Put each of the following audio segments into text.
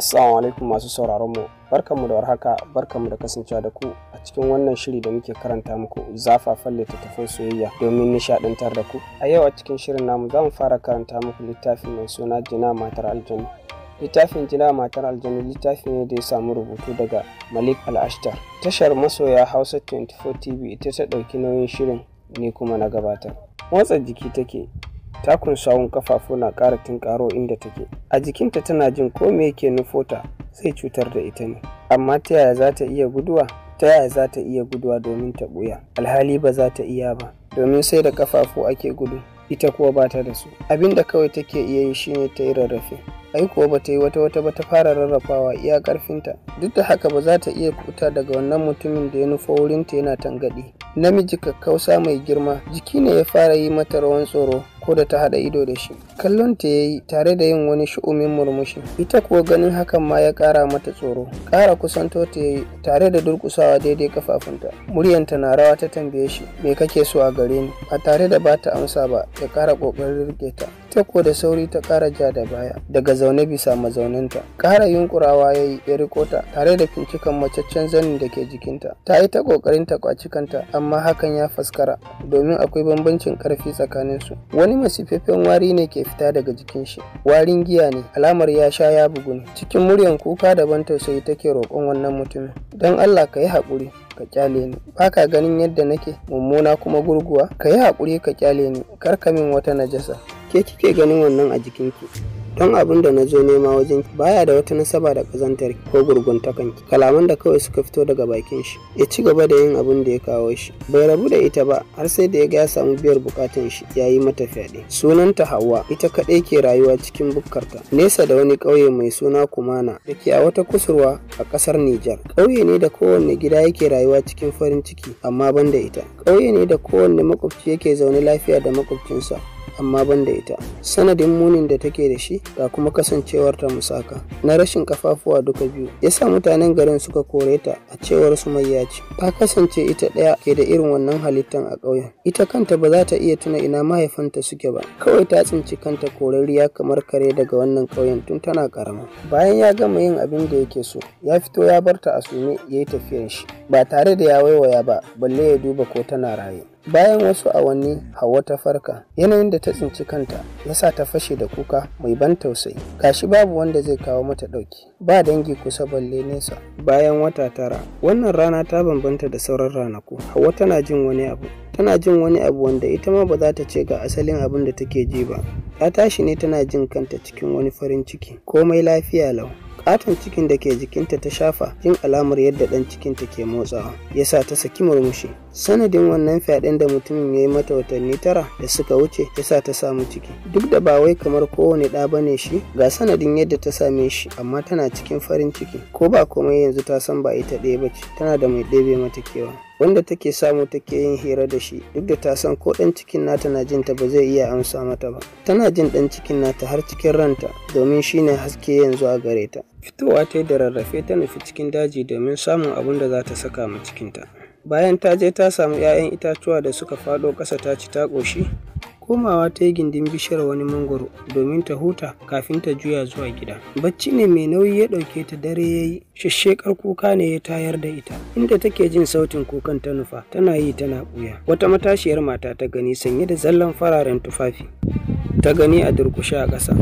Assalamu alaikum masu sauraron mu. Barkanmu da warhaka, barkanmu da kasancewa da ku a cikin wannan shiri da muke karanta muku zafafan littattafan soyayya domin nishadantar da ku. A yau a cikin shirin namu za mu fara karanta muku littafin mai suna Jina Matar Aljanu. Littafin Jina Matar Aljanu littafi ne da ya samu rubutu daga Malik Al-Ashtar. Tashar masoya Hausa 24 TV ita ta ɗauki nauyin shirin ne kuma na gabatar. Motsa jiki take takun sawun kafafu na ƙara tinkaro inda take a jikinta tana jin ko me yake nufota sai cutar da ita ne amma ta yaya za ta iya guduwa ta yaya za ta iya guduwa domin ta ɓuya alhali ba za ta iya ba domin sai da kafafu ake gudu ita kuwa ba ta da su abin da kawai take iya yi shine ta yi rarrafe ai kuwa ba ta yi wata wata ba ta fara rarrafawa iya karfinta duk da haka ba za ta iya kuta daga wannan mutumin da ya nufa wurinta yana tangaɗi namiji kakkausa mai girma jiki ne ya fara yi mata rawan tsoro ko da ta haɗa ido da shi kallon ta yayi tare da yin wani shu'umin murmushi ita kuwa ganin hakan ma ya ƙara mata tsoro ƙara kusanto ta yayi tare da durƙusawa daidai kafafunta muryanta na rawa ta tambaye shi me kake so a gare ni ba tare da bata amsa ba ya ƙara ƙoƙarin rike ta ko da sauri ta ƙara ja da baya daga zaune bisa mazauninta. Kara yunkurawa ya yi ya riko ta tare da fincikan macaccen zanin da ke jikinta. Ta yi ta ƙoƙarin ta kwaci kanta amma hakan ya faskara domin akwai bambancin karfi tsakanin su Wani masifaffen wari ne ke fita daga jikin shi. Warin giya ne alamar ya sha ya bugu ne. Cikin muryan kuka da ban tausayi take roƙon wannan mutumin. Don Allah ka yi haƙuri. ka kyale ni ba ka ganin yadda nake mummuna kuma gurguwa ka yi haƙuri ka kyale ni kar ka min wata najasa ke kike ganin wannan a jikin ki? don abin da na zo nema wajen baya da wata nasaba da kazantar ko gurguntakan kalaman da kawai suka fito daga bakin shi ya ci gaba da yin abin da ya kawo shi bai rabu da ita ba har sai da ya ga ya samu biyar bukatun shi ya yi mata fyaɗe sunanta hawa ita kaɗai ke rayuwa cikin bukkarta nesa da wani ƙauye mai suna kumana da ke a wata kusurwa a ƙasar nijar ƙauye ne da kowanne gida yake rayuwa cikin farin ciki amma ban da ita ƙauye ne da kowanne makwabci yake zaune lafiya da makwabcinsa amma ban da ita sanadin munin da take da shi ga kuma kasancewar ta musaka na rashin kafafuwa duka biyu yasa mutanen garin suka kore ta a cewar su mai ce ta kasance ita ɗaya ke da irin wannan halittan a ƙauyen ita kanta ba za ta iya tuna ina mahaifanta suke ba kawai ta tsinci kanta korarriya kamar kare daga wannan ƙauyen tun tana karama bayan ya gama yin abin da yake so ya fito ya barta a sume ya yi tafiyar shi ba tare da ya waiwaya ba balle ya duba ko tana raye bayan wasu awanni hawa ta farka yanayin da ta tsinci kanta ya sa ta fashe da kuka mai ban tausayi gashi babu wanda zai kawo mata ɗauki ba dangi kusa balle nesa bayan wata tara wannan rana ta bambanta da sauran ranaku hawa tana jin wani abu tana jin wani abu wanda ita ma ba za ta ce ga asalin abin da take ji ba ta tashi ne tana jin kanta cikin wani farin ciki komai lafiya lau katon cikin da ke jikinta ta shafa jin alamar yadda dan cikinta ke motsawa ya sa ta saki murmushi sanadin wannan fyaɗen da mutumin ya yi mata watanni tara da suka wuce ya sa ta samu ciki duk da ba wai kamar kowane ɗa ba ne shi ga sanadin yadda ta same shi amma tana cikin farin ciki ko ba komai yanzu ta san ba ita ɗaya bace tana da mai ɗebe mata kewa wanda take samu take yin hira da shi duk da ta san ko ɗan cikin nata na jinta ba zai iya amsa mata ba tana jin ɗan cikin nata har cikin ranta domin shine haske yanzu a gare ta fitowa ta da rarrafe ta nufi cikin daji domin samun abun da za ta saka ma cikinta bayan ta je ta samu 'ya'yan itatuwa da suka faɗo ƙasa ta ci ta ƙoshi komawa ta yi gindin bishiyar wani mangoro domin ta huta kafin ta juya zuwa gida bacci ne mai nauyi ya ɗauke ta dare ya yi shashshekar kuka ne ya tayar da ita inda take jin sautin kukan ta nufa tana yi tana ɓuya wata matashiyar mata ta gani sanye da zallan fararen tufafi ta gani a durkushe a ƙasa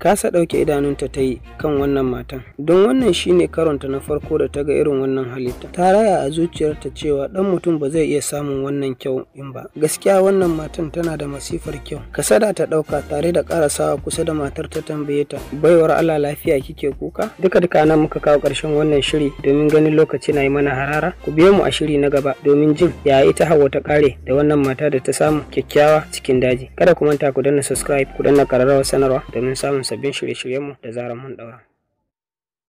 kasa ɗauke idanunta ta yi kan wannan matan don wannan shine karonta na farko da ta ga irin wannan halitta ta raya a zuciyarta cewa ɗan mutum ba zai iya samun wannan kyau in ba gaskiya wannan matan tana da masifar kyau kasada ta ɗauka tare da ƙarasawa kusa da matar ta tambaye ta baiwar allah lafiya kike kuka duka duka nan muka kawo ƙarshen wannan shiri domin ganin lokaci na yi mana harara ku biyo mu a shiri na gaba domin jin ya ita hawa ta ƙare da wannan mata da ta samu kyakkyawa cikin daji kada ku manta ku danna subscribe ku danna ƙararrawar sanarwa domin samun sabbin shirye-shiryenmu da zarar mun ɗaura.